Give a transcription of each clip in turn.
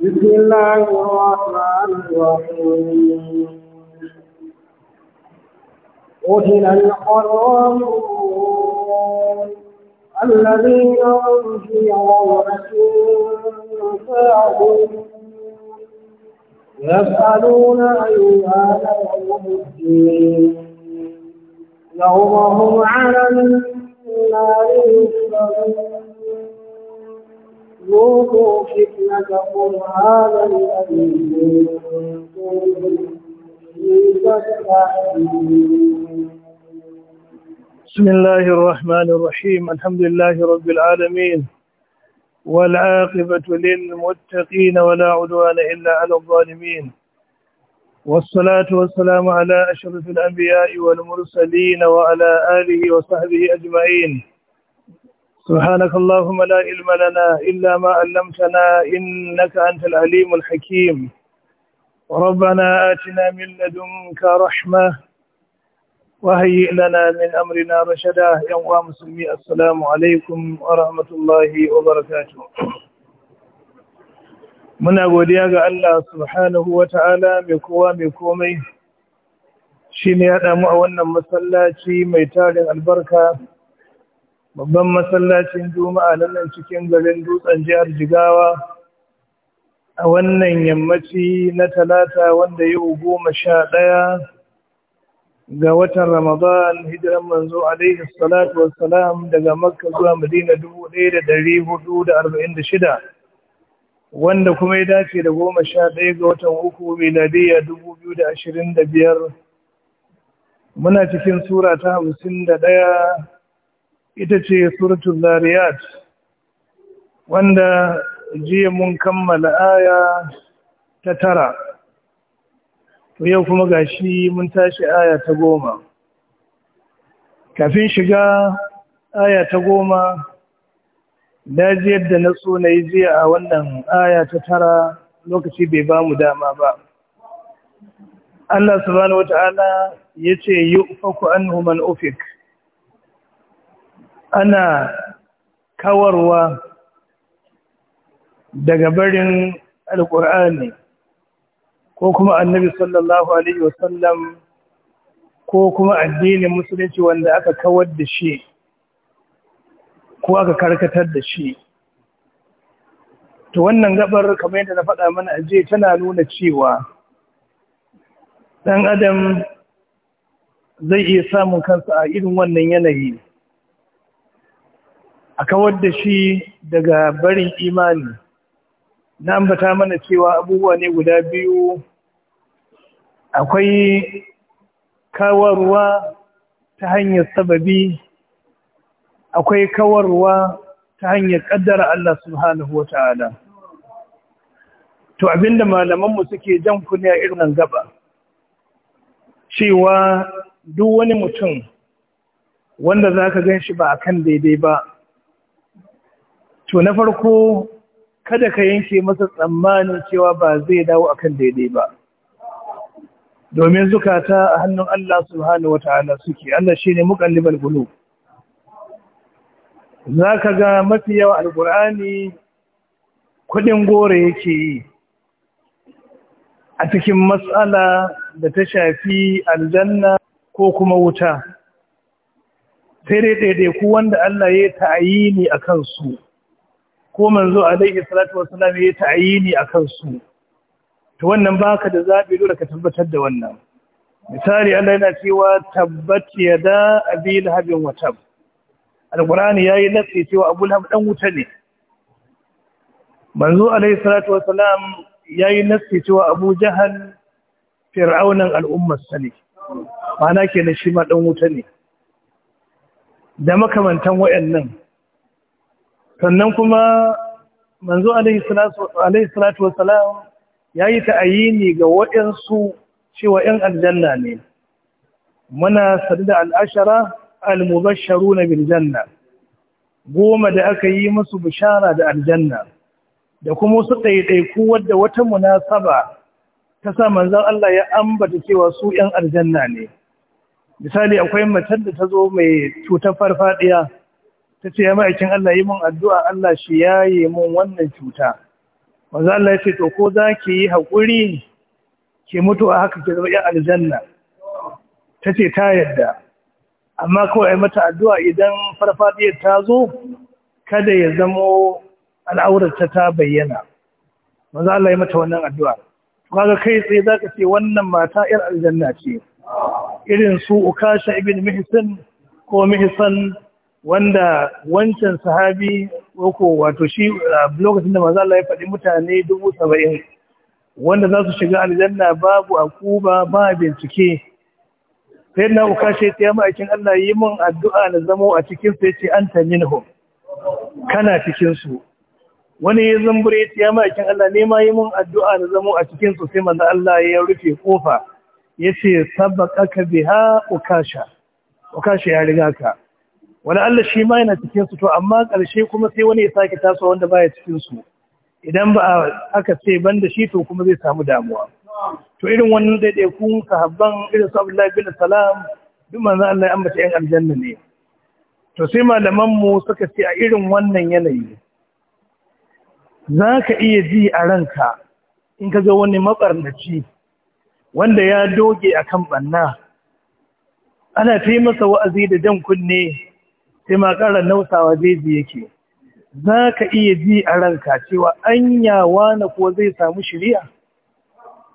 بسم الله الرحمن الرحيم قتل القرارون الذين هم في غورة يسألون أيها يوم يومهم على النار يسألون ذوقوا فتنتكم هذا الذي كنتم بسم الله الرحمن الرحيم الحمد لله رب العالمين والعاقبة للمتقين ولا عدوان إلا على الظالمين والصلاة والسلام على أشرف الأنبياء والمرسلين وعلى آله وصحبه أجمعين سبحانك اللهم لا علم لنا إلا ما علمتنا إنك أنت العليم الحكيم ربنا آتنا من لدنك رحمة وهيئ لنا من أمرنا رشدا يا مسلمي السلام عليكم ورحمة الله وبركاته muna godiya ga Allah subhanahu wa ta'ala mai kowa mai komai shi ne ya damu a wannan masallaci mai tarin albarka babban masallacin juma'a na nan cikin garin dutsen jihar jigawa a wannan yammaci na talata wanda yau goma sha ɗaya ga watan ramadan hijiran manzo alaihi salatu wassalam daga makka zuwa madina dubu ɗaya da ɗari hudu da arba'in da shida wanda kuma ya dace da goma sha ɗaya ga watan uku miladiyya dubu biyu da ashirin da biyar muna cikin sura ta hamsin da ɗaya ita ce suratul lariyat, wanda jiya mun kammala aya ta tara to yau kuma gashi mun tashi aya ta goma kafin shiga aya ta goma da ji yadda na so na yi jiya a wannan aya ta tara lokaci bai ba mu dama ba Allah subhanahu ta'ala ya ce yi ufaku an human ofik ana kawarwa daga barin alƙur'ani ko kuma annabi sallallahu alaihi wasallam ko kuma addinin musulunci wanda aka kawar da shi ko aka karkatar da shi to wannan gabar kamar yadda na faɗa mana a tana nuna cewa ɗan adam zai iya samun kansa a irin wannan yanayi a kawar da shi daga barin imani na ambata mana cewa abubuwa ne guda biyu akwai kawarwa ta hanyar sababi akwai kawarwa ta hanyar kaddara Allah subhanahu wa ta'ala to abinda malamanmu suke jan kunya irin nan gaba cewa duk wani mutum wanda za ka gan shi ba a kan daidai ba to na farko kada ka yanke masa tsammanin cewa ba zai dawo akan daidai ba domin zukata a hannun Allah subhanahu wata'ala suke Allah shine muqallibal qulub zaka ga mafi yawa alqur'ani kudin gore yake yi a cikin matsala da ta shafi aljanna ko kuma wuta sai dai daidai ku wanda Allah ya ta'ayini akan su ko manzo alaihi salatu wassalam ya ta'ayini akan su to wannan baka da zabi dole ka tabbatar da wannan misali Allah yana cewa tabbat yada abi lahab wa tab alqur'ani yayi nasi cewa abu lahab dan wuta ne manzo alaihi salatu wassalam yayi nasi cewa abu jahal fir'aunan al'ummar sani ma'ana kenan shi ma dan wuta ne da makamantan wayannan sannan kuma manzo alaihi salatu wasalam ya yi ta'ayini ga waɗansu cewa ‘yan aljanna ne muna sadu da al'ashara al-mubasharu na janna, goma da aka yi musu bishara da aljanna da kuma su ɗaiɗaiku wadda wata munasaba ta sa manzan Allah ya ambata cewa su ‘yan aljanna ne misali akwai macen da ta zo mai cutar farfadiya ta ce ya ma'aikin Allah yi mun addu'a Allah shi ya yi mun wannan cuta wanzu Allah ya ce to ko za ki yi haƙuri ke mutu a haka ke zama ‘yan aljanna ta ce ta yadda amma kawai mata addu'a idan farfaɗiyar ta zo kada ya zamo al'aurarta ta bayyana wanzu Allah ya mata wannan addu'a kaga kai tsaye za ka ce wannan mata ‘yar aljanna ce irin su ukasha ibn mihisan ko mihisan wanda wancan sahabi ko wato shi lokacin da maza Allah ya faɗi mutane dubu saba'in wanda za su shiga aljanna babu a Kuba ba bincike sai na uka ce ta yamma aikin Allah yi min addu'a na zamo a cikin sai ce anta minhum kana cikin su wani ya zumbure ta yamma aikin Allah ne ma yi min addu'a na zamo a cikin su sai manzo Allah ya rufe kofa yace sabaqaka biha ukasha ukasha ya riga ka wani Allah shi ma yana cikin su to amma ƙarshe kuma sai wani ya sake tasowa wanda baya cikin su idan ba aka ce ban da shi to kuma zai samu damuwa to irin wannan kun sahabban irin su Abdullahi bin Salam duk manzo Allah ya ambata yan aljanna ne to sai malaman mu suka ce a irin wannan yanayi za ka iya ji a ranka in ka ga wani mabarnaci wanda ya doge akan ɓanna. ana ta yi masa wa'azi da jan kunne sai ma ƙara nausawa ji yake za ka iya ji a ranka cewa anyawa na kuwa zai samu shiriya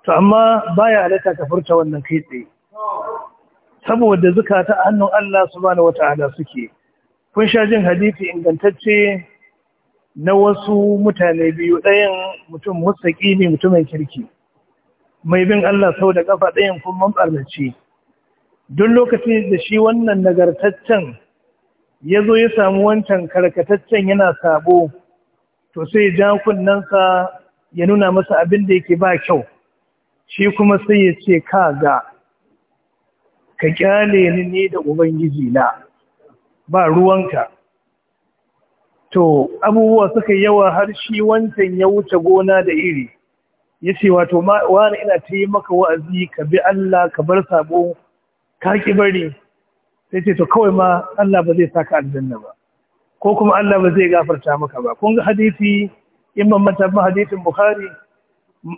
to amma baya alaka ka furta wannan kai tsaye saboda zukata hannun Allah su subhanahu ala suke kun sha jin hadisi ingantacce na wasu mutane biyu ɗayan mutum mustaƙi ne mutumin kirki mai bin Allah sau da ƙafa ɗayan kuma mabarnaci duk lokacin da shi wannan nagartaccen ya zo ya samu wancan karkataccen yana sabo to sai ja sa ya nuna masa abin da yake ba kyau shi kuma sai ya ce ka ga ka kyale ni ne da ubangiji na ba ruwanka to abubuwa suka yawa har shi wancan ya wuce gona da iri ya ce wato wani ina ta yi maka wa'azi ka bi Allah ka bar sabo ka ki bari sai ce to kawai ma Allah ba zai saka aljanna ba ko kuma Allah ba zai gafarta maka ba kun ga hadisi imam ban hadisin Bukhari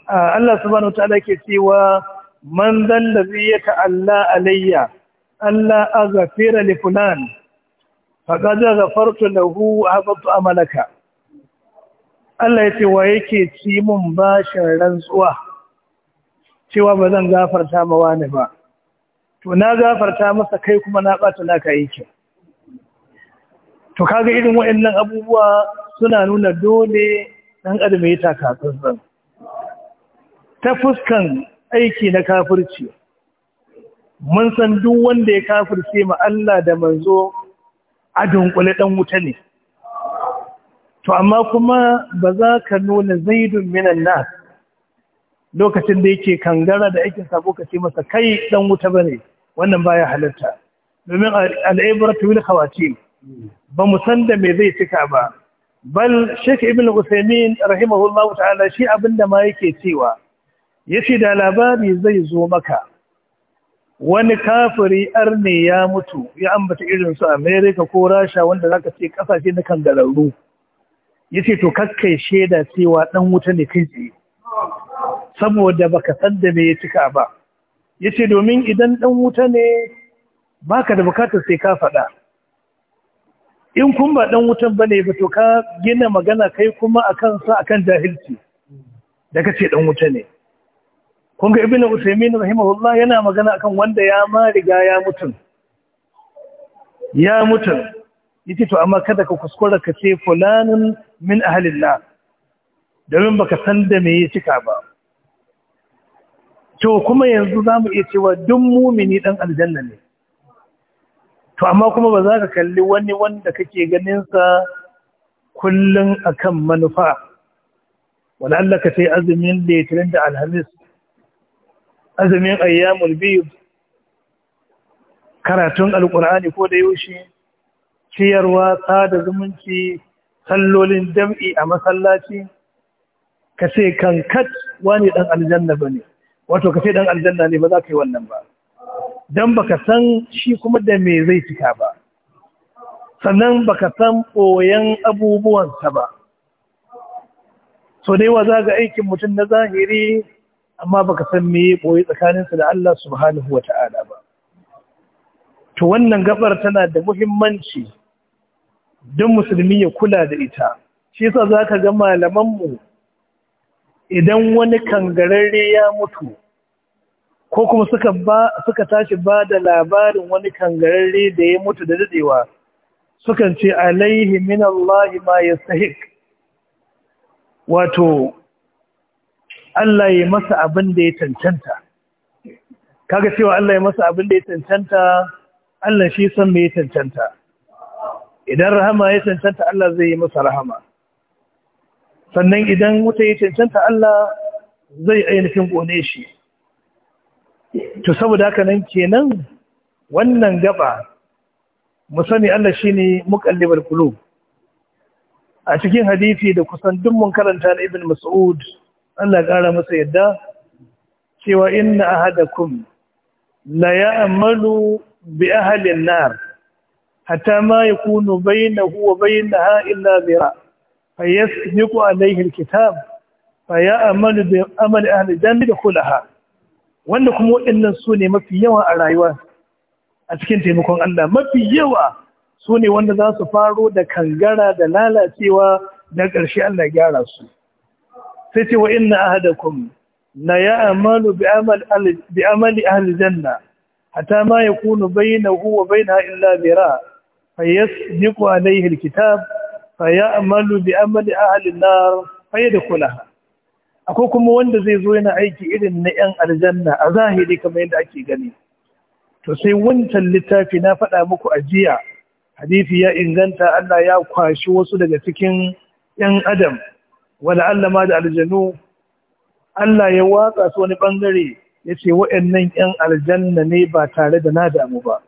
Allah subhanahu wataala yake cewa man dan da zai ta'alla alayya Allah azafira li fulan faqad ghafartu lahu habatu amalaka Allah ya ce wa yake ci mun bashin rantsuwa cewa ba zan gafarta ma wani ba to na gafarta masa kai kuma na ɓata laka aikin to kaga irin waɗannan abubuwa suna nuna dole ɗan adam ya taka tsantsan ta fuskan aiki na kafirci mun san duk wanda ya kafirce ma Allah da manzo a dunkule ɗan wuta ne to amma kuma ba za ka nuna zaidun minan na lokacin da yake kangara da aikin sabo ka ce masa kai ɗan wuta ba ne. wannan baya halatta domin al'ibratu bil khawatim ba mu san da me zai cika ba bal Sheikh Ibn Uthaymeen rahimahullahu ta'ala shi abinda ma yake cewa yace da labari zai zo maka wani kafiri arne ya mutu ya ambata irin su America ko Rasha wanda zaka ce kasashe na kangararru yace to kakkai sheda cewa dan wuta ne kai tsaye saboda baka san da me ya cika ba ya ce domin idan ɗan wuta ne ba ka da bukatar sai ka faɗa in kun ba ɗan wutan ba ne ba to ka gina magana kai kuma a kansa a kan jahilci da ka ce ɗan wuta ne kun ga ibn usaimin rahimahullah yana magana akan wanda ya ma riga ya mutum ya mutum ce to amma kada ka kuskura ka ce fulanin min ahalillah domin baka san da me ya cika ba to kuma yanzu za mu iya cewa duk mumini ɗan aljanna ne to amma kuma ba za ka kalli wani wanda kake ganinsa kullum akan manufa wani Allah ka sai azumin litinin da alhamis azumin ayyamul biyu karatun alkur'ani ko da yaushe ciyarwa tsada zumunci sallolin jam'i a masallaci ka ce kankat wani ɗan aljanna ba ne wato ka dan aljanna ne ba za ka yi wannan ba dan baka san shi kuma da me zai cika ba sannan baka san abubuwan abubuwansa ba so dai wa za ga aikin mutum na zahiri amma baka san me boye tsakaninsa da Allah subhanahu wata'ala ba to wannan gabar tana da muhimmanci don musulmi ya kula da ita shi yasa zaka ga malamanmu idan wani kangararre ya mutu ko kuma suka ba suka tashi ba da labarin wani kangararre da ya mutu da dadewa sukan ce alaihi min Allah ma yastahiq wato Allah ya masa abin da ya cancanta kaga cewa Allah ya masa abin da ya cancanta Allah shi san me ya cancanta idan rahama ya cancanta Allah zai yi masa rahama sannan idan wuta ya cancanta Allah zai ainihin ƙone shi to saboda haka nan kenan wannan gaba mu sani Allah shi shine muqallibal qulub a cikin hadisi da kusan duk karanta na Ibn Mas'ud Allah ƙara masa yadda cewa inna ahadakum la amalu bi ahli nar Hata ma ya huwa bainahu na bainaha illa zira فيسبق عليه الكتاب فيأمل بأمل أهل الجنة دخولها wanda kuma waɗannan sune mafi yawa a rayuwa a cikin taimakon Allah mafi yawa sune wanda za su faro da kangara da lalacewa da ƙarshe Allah gyara su sai ce wa inna ahadakum na ya amalu bi amali ahli janna hatta ma yakunu bainahu wa bainaha illa zira fa yasbiqu alkitab fayamalu bi amali ahli an-nar fayadkhulaha akwai kuma wanda zai zo yana aiki irin na yan aljanna a zahiri kamar yadda ake gani to sai wancan littafi na faɗa muku a jiya hadisi ya inganta Allah ya kwashi wasu daga cikin yan adam wala Allah ma da aljanu Allah ya watsa su wani bangare yace waɗannan yan aljanna ne ba tare da na damu ba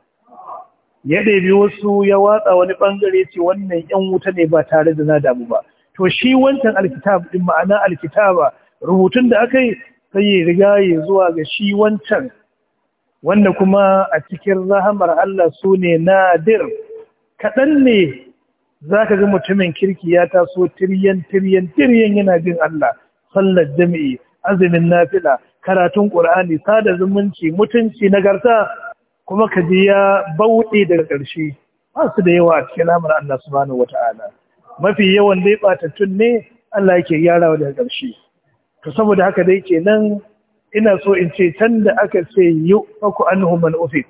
ya ɗabi wasu ya watsa wani ɓangare ce wannan ‘yan wuta ne ba tare da na damu ba. To shi wancan alkitab ɗin ma'ana alkitaba rubutun da aka yi sai ya riga ya zuwa ga shi wancan wanda kuma a cikin rahamar Allah su ne nadir kaɗan ne za ka ga mutumin kirki ya taso tiryan tiryan tiryan yana bin Allah sallar jami'i azumin nafila karatun ƙur'ani sada zumunci mutunci nagarta kuma ka ji ya bauɗe daga ƙarshe ba da yawa a cikin lamar Allah subhanahu wata'ala mafi yawan dai batattun ne Allah yake gyarawa daga ƙarshe to saboda haka dai kenan ina so in ce can da aka ce yu faku anhum man ufik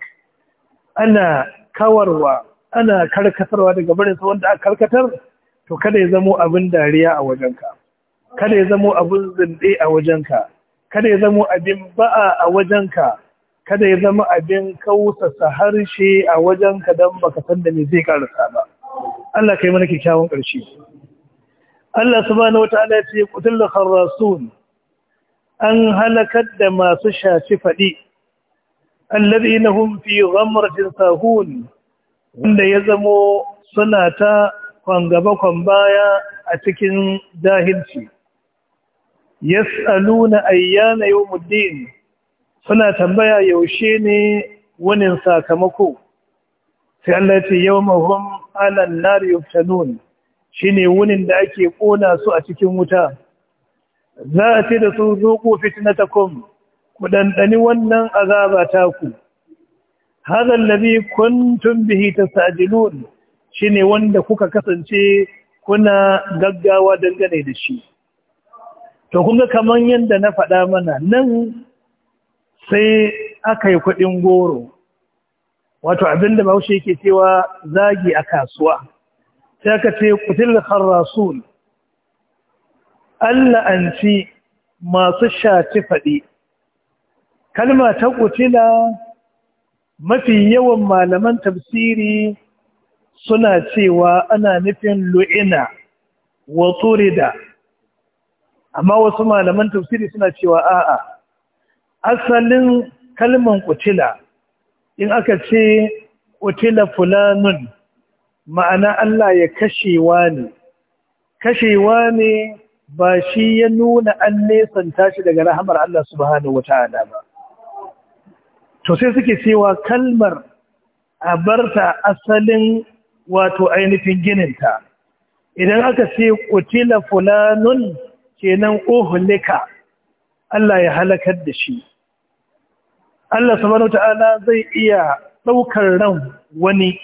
ana kawarwa ana karkatarwa daga barin sa wanda aka karkatar to kada ya zamo abin dariya a wajenka kada ya zamo abin zinde a wajenka kada ya zamo abin ba'a a wajenka kada ya zama abin kausasa harshe a wajen ka baka san da me zai karasa ba Allah kai mana kyakkyawan ƙarshe Allah subhanahu wataala ya ce qutul kharasun an halakar da masu shafi fadi alladhina hum fi ghamratin sahun wanda ya zamo suna ta kwangaba baya a cikin jahilci yas'aluna ayyana yawmuddin suna tambaya yaushe ne wani sakamako sai Allah ce yawmahum alan nar yuftanun shine wunin da ake kona su a cikin wuta za a ce da su zuku fitnatakum ku dandani wannan azaba ta ku hada alladhi kuntum bihi tasajilun shine wanda kuka kasance kuna gaggawa dangane da shi to kun ga kaman yanda na faɗa mana nan sai aka yi kuɗin goro wato abinda bahaushe yake cewa zagi a kasuwa sai aka ce kutil Allah an ci masu shaci faɗi kalma ta kutila mafi yawan malaman tafsiri suna cewa ana nufin lu'ina wa turida amma wasu malaman tafsiri suna cewa a'a asalin kalman kutila in aka ce kutila fulanun ma'ana Allah ya kashewa ne kashewa ne ba shi ya nuna an nesan tashi daga rahamar Allah subhanahu ta'ala ba to sai suke cewa kalmar a barta asalin wato ainihin gininta idan aka ce kutila fulanun kenan uhulika Allah ya halakar da shi Allah subhanahu ta'ala zai iya ɗaukar ran wani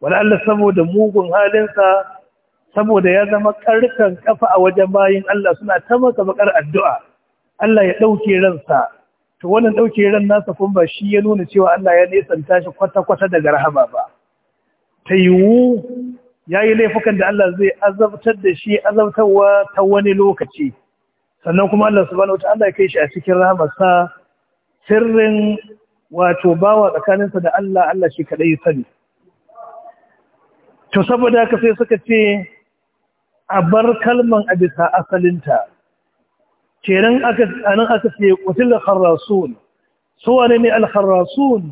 wani Allah saboda mugun halinsa saboda ya zama ƙarfin ƙafa a wajen bayin Allah suna ta maka bakar addu'a Allah ya ɗauke ransa to wannan ɗauke ran nasa kun ba shi ya nuna cewa Allah ya nesanta shi kwata-kwata daga rahama ba ta yiwu ya yi laifukan da Allah zai azabtar da shi azabtarwa ta wani lokaci sannan kuma Allah subhanahu wataala ya kai shi a cikin rahamarsa sirrin wato bawa tsakaninsa da Allah Allah shi kaɗai ya sani to saboda haka sai suka ce a bar kalman a bisa asalinta kenan aka anan aka ce qutil kharrasun su wane ne al kharrasun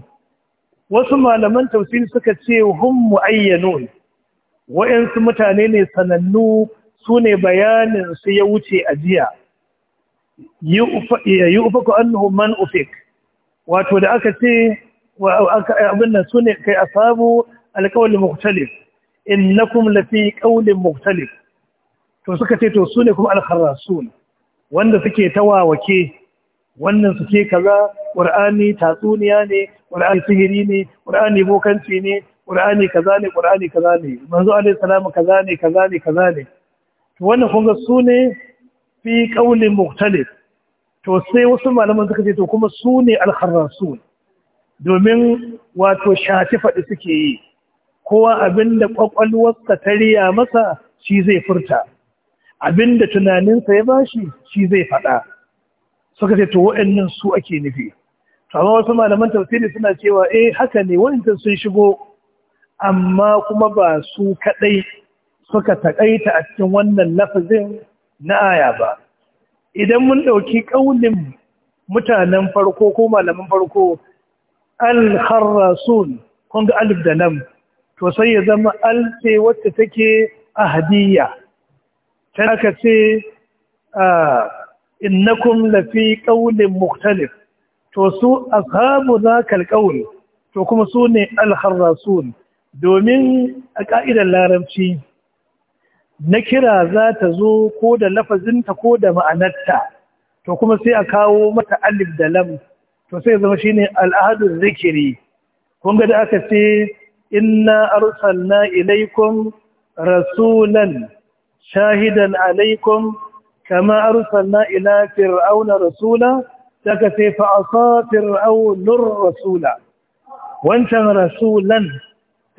wasu malaman tausiri suka ce hum muayyanun wayansu mutane ne sanannu su ne bayanin su ya wuce a jiya yi ufaku annuhu man ufik wato da aka ce abin nan su ne kai asabu alƙawalin muktalif innakum lafi ƙaulin muktalif to suka ce to su ne kuma alkharrasun wanda suke tawawake wannan suke kaza ƙur'ani tatsuniya ne ƙur'ani sihiri ne ƙur'ani bokanci ne ƙur'ani kaza ne ƙur'ani kaza ne manzo alaihi salamu kaza ne kaza ne kaza ne to wannan kun ga su fi ƙaunin muktalif to sai wasu malaman suka ce to kuma su ne alharrasun domin wato shafi faɗi suke yi kowa abin da ƙwaƙwalwarsa ta riya masa shi zai furta abinda da tunaninsa ya bashi shi zai faɗa suka ce to waɗannan su ake nufi to amma wasu malaman tafsiri suna cewa eh haka ne wa'annan sun shigo amma kuma ba su kaɗai suka taƙaita a cikin wannan lafazin na aya ba idan mun ɗauki ƙaunin mutanen farko ko malaman farko al-kharrasun kun ga alif da nan to sai ya zama al ce wacce take ahadiyya ta aka ce ah, innakum lafi ƙaunin muktalif to su ashabu zakal ƙaun to kuma su ne al-kharrasun domin a ƙa'idar larabci na kira za ta zo ko da lafazinta ko da ma'anarta to kuma sai a kawo mata alif da lam to sai zama shine al'adun zikiri kun ga da aka ce inna arsalna ilaikum rasulan shahidan alaikum kama arsalna ila fir'auna rasula daga sai fa asa fir'aunur rasula wancan rasulan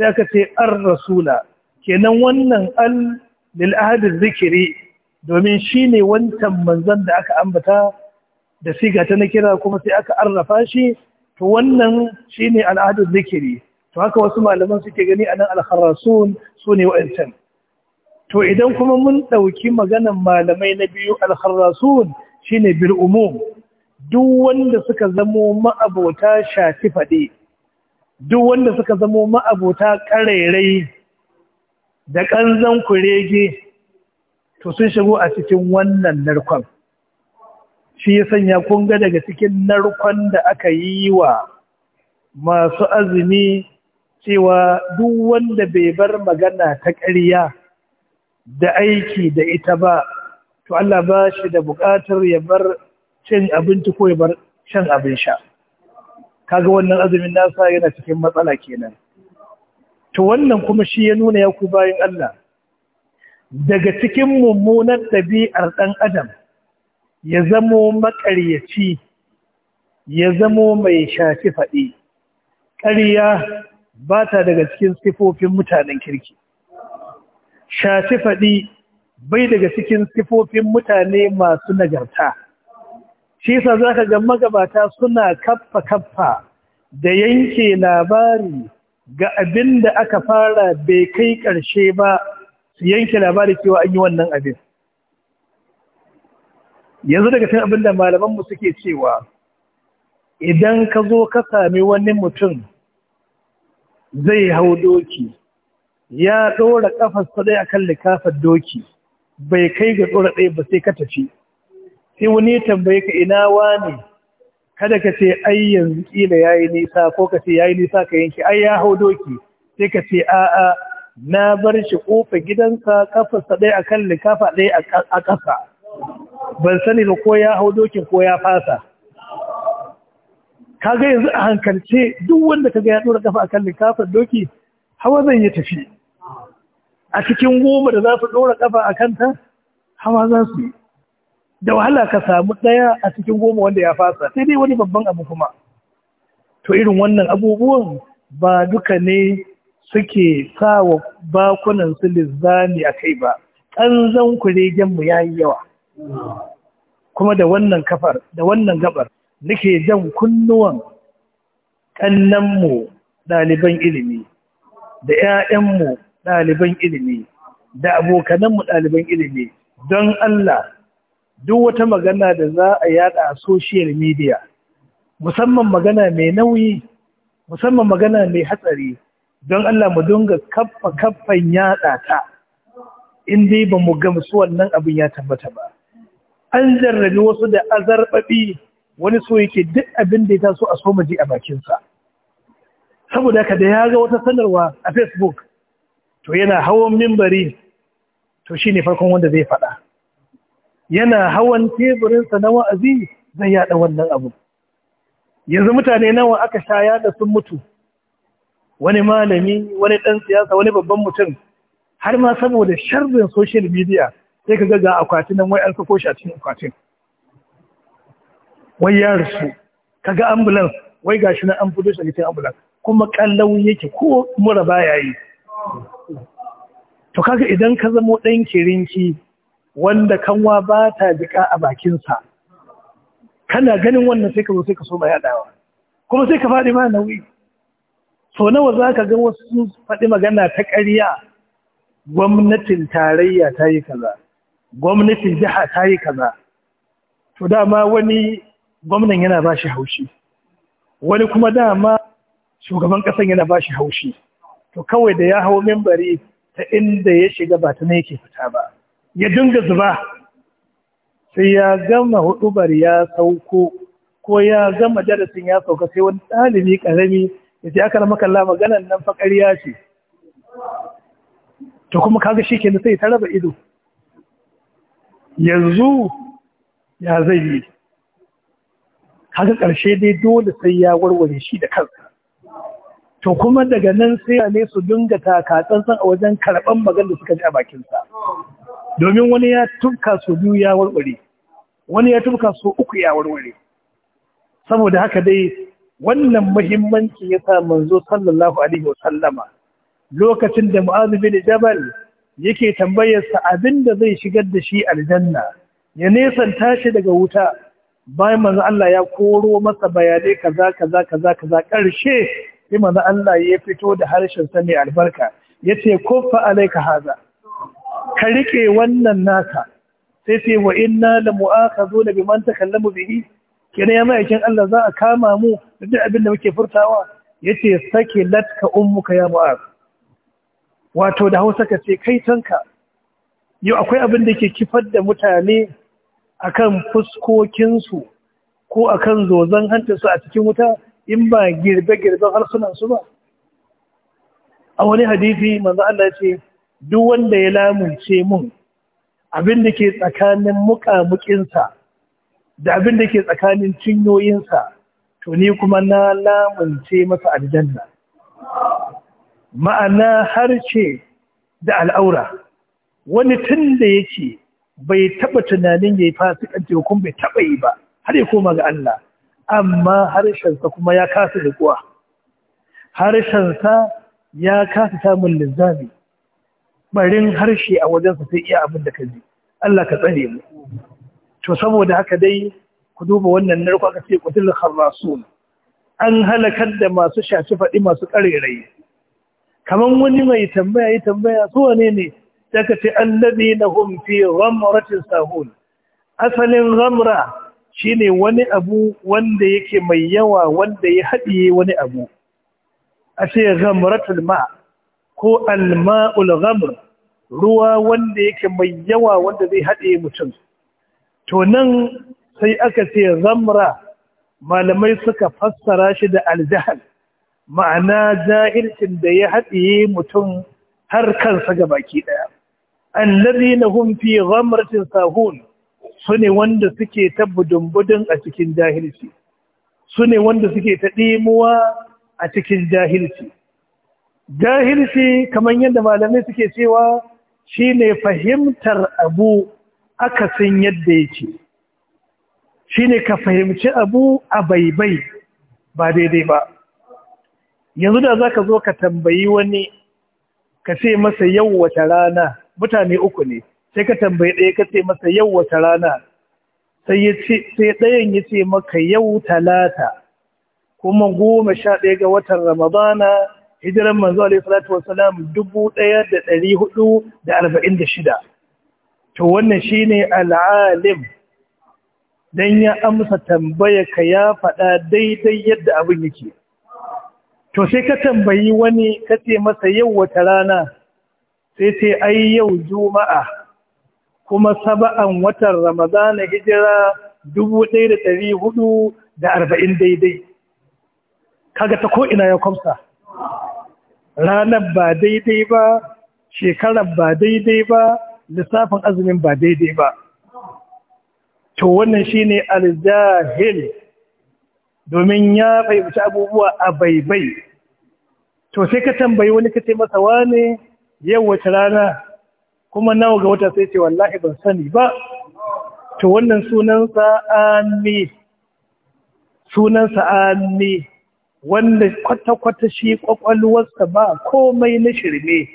sai aka ce ar rasula kenan wannan al lil ahadin zikiri domin shi ne wancan manzan da aka ambata da siga ta na kira kuma sai aka arrafa shi to wannan shi ne al'adun zikiri to haka wasu malaman suke gani a nan alharasun su ne wa'ancan to idan kuma mun ɗauki maganan malamai na biyu alharasun shi ne bil'umum duk wanda suka zamo ma'abota shafi faɗi duk wanda suka zamo ma'abota ƙarairai da ƙanzan kurege to sun shigo a cikin wannan narkon shi ya sanya kunga daga cikin narkon da aka yi wa masu azumi cewa duk wanda bai bar magana ta ƙarya da aiki da ita ba to Allah ba shi da buƙatar ya bar cin abinci ko ya bar shan abin sha kaga wannan azumin nasa yana cikin matsala kenan to wannan kuma shi ya nuna ya ku bayan Allah daga cikin mummunan ɗabi'ar ɗan adam ya zamo maƙaryaci ya zamo mai shafi faɗi ƙarya ba ta daga cikin sifofin mutanen kirki shafi faɗi bai daga cikin sifofin mutane masu nagarta shi sa za ka ga magabata suna kaffa-kaffa da yanke labari ga abin da aka fara bai kai ƙarshe ba su yanke labari cewa an yi wannan abin yanzu daga cin abin da malamanmu suke cewa idan ka zo ka sami wani mutum zai hau doki ya ɗora ƙafarsa ɗaya akan likafar doki bai kai ga ɗora ɗaya ba sai ka tafi sai wani tambaye ka ina wa ne? kada ka ce ai yanzu kila yayi nisa ko ka ce yayi nisa ka yanki ai ya hau doki sai ka ce a a na bar shi kofa gidansa sa ɗaya akan likafa ɗaya a ƙasa ban sani ba ko ya hau dokin ko ya fasa kaga yanzu a hankalce duk wanda kaga ya ɗora kafa akan likafa doki hawa zan yi tafi a cikin goma da za su ɗora kafa a kanta hawa za su yi da wahala ka samu ɗaya a cikin goma wanda ya fasa sai dai wani babban abu kuma to irin wannan abubuwan ba duka ne suke sa wa bakunan su lizzani a kai ba ƙanzan kuregenmu ya yi yawa kuma da wannan kafar da wannan gabar nake jan kunnuwan ƙannanmu ɗaliban ilimi da 'ya'yanmu ɗaliban ilimi da abokananmu ɗaliban ilimi don Allah duk wata magana da za a yada a social media musamman magana mai nauyi musamman magana mai hatsari don Allah mu dinga kaffa kaffan yada ta in dai ba mu gamsu wannan abin ya tabbata ba an jarrabi wasu da azarbabi wani so yake duk abin da ya taso a so mu ji a bakinsa saboda ka da ya ga wata sanarwa a facebook to yana hawan mimbari to shine farkon wanda zai faɗa yana hawan teburinsa na wa'azi zai yada wannan abu yanzu mutane nawa aka sha yada sun mutu wani malami wani ɗan siyasa wani babban mutum har ma saboda sharrin social media sai ka ga akwatin nan wai an sako shi a cikin akwatin wai ya rasu Ka ga ambulance wai shi na an fito shi cikin ambulance kuma kallon yake ko mura ba yi to kaga idan ka zamo ɗan kirinki wanda kanwa ba ta jika a bakinsa kana ganin wannan sai ka zo sai ka so mai yadawa kuma sai ka faɗi ma nauyi so nawa za ka ga wasu sun faɗi magana ta ƙarya gwamnatin tarayya ta yi kaza gwamnatin jiha ta yi kaza to dama wani gwamnan yana ba shi haushi wani kuma dama shugaban ƙasan yana ba shi haushi to kawai da ya hau membari ta inda ya shiga ba ta ne yake fita ba ya dinga zuba sai ya gama hudubar ya sauko ko ya gama darasin ya sauka sai wani ɗalibi ƙarami ya ce aka rama kalla maganan nan fa ƙarya ce to kuma kaga shi kenan sai ta raba ido yanzu ya zai yi kaga ƙarshe dai dole sai ya warware shi da kansa to kuma daga nan sai ne su dinga taka a wajen karɓan maganar da suka ji a bakinsa domin wani ya tunka so biyu ya warware wani ya tunka so uku ya warware saboda haka dai wannan muhimmanci ya sa manzo sallallahu alaihi wa sallama lokacin da mu'azu bin jabal yake tambayar sa abinda zai shigar da shi aljanna ya nesanta tashi daga wuta bayan manzo Allah ya koro masa bayanai kaza kaza kaza kaza karshe sai manzo Allah ya fito da harshen sa mai albarka yace kuffa alayka haza ka rike wannan nasa, sai sai wa inna la mu'akhazuna biman takallamu bihi kenan ya ma'aikin Allah za a kama mu da duk abin da muke furtawa yace sake latka ummuka ya mu'az wato da Hausa ka ce kai tanka yau akwai abin da yake kifar da mutane akan fuskokinsu ko akan zozon su a cikin wuta in ba girbe-girben su ba a wani hadisi, manzo Allah ce duk wanda ya lamunce mun abin da ke tsakanin mukamukinsa da abin da ke tsakanin cinyoyinsa to ni kuma na lamunce masa aljanna ma'ana harce da al'aura wani tun da yake bai taba tunanin ya yi fasikanci hukun bai taba yi ba har ya koma ga Allah amma harshensa kuma ya kasa da kuwa harshensa ya kasa samun linzami barin harshe a wajensa sai iya abin da ka ji Allah ka tsare mu to saboda haka dai ku duba wannan narko aka ce qutul kharasun an halakar da masu shafi faɗi masu ƙarerai kaman wani mai tambaya ya tambaya su wane ne daga ce alladina hum fi ghamratin sahul asalin ghamra shine wani abu wanda yake mai yawa wanda ya haɗiye wani abu a ce ghamratul ma' ko alma'ul ghamr ruwa wanda yake mai yawa wanda zai haɗe mutum to nan sai aka ce zamra malamai suka fassara shi da aljahal ma'ana jahilcin da ya haɗe mutum har kansa ga baki ɗaya allazi na humfi ghamratin sahun su ne wanda suke ta budumbudun a cikin jahilci su ne wanda suke ta ɗimuwa a cikin jahilci jahilci kamar yadda malamai suke cewa shi ne fahimtar abu aka sun yadda yake ne ka fahimci abu a baibai ba daidai ba yanzu da za ka zo ka tambayi wani ka ce masa yau wata rana mutane uku ne sai ka tambayi ɗaya ka ce masa yau wata rana sai ɗayan ya ce maka yau talata kuma goma sha ɗaya ga watan ramadana hijiran manzo alaihi salatu wasalam 1446 to wannan shine al-alim dan ya amsa tambaya ka ya faɗa daidai yadda abin yake to sai ka tambayi wani ka ce masa yau wata rana sai ce ai yau juma'a kuma saba'an watan ramadana hijira 1440 daidai kaga ta ko ina ya kwamsa ranar ba daidai ba shekarar ba daidai ba lissafin azumin ba daidai ba to wannan shi shine aljahil domin ya fahimci abubuwa a baibai to sai ka tambayi wani kace masa wane yau wace rana kuma nawa ga wata sai ce wallahi ban sani ba to wannan sunansa ami sunansa ami wanda kwata-kwata shi kwakwalwarsa ba komai na shirme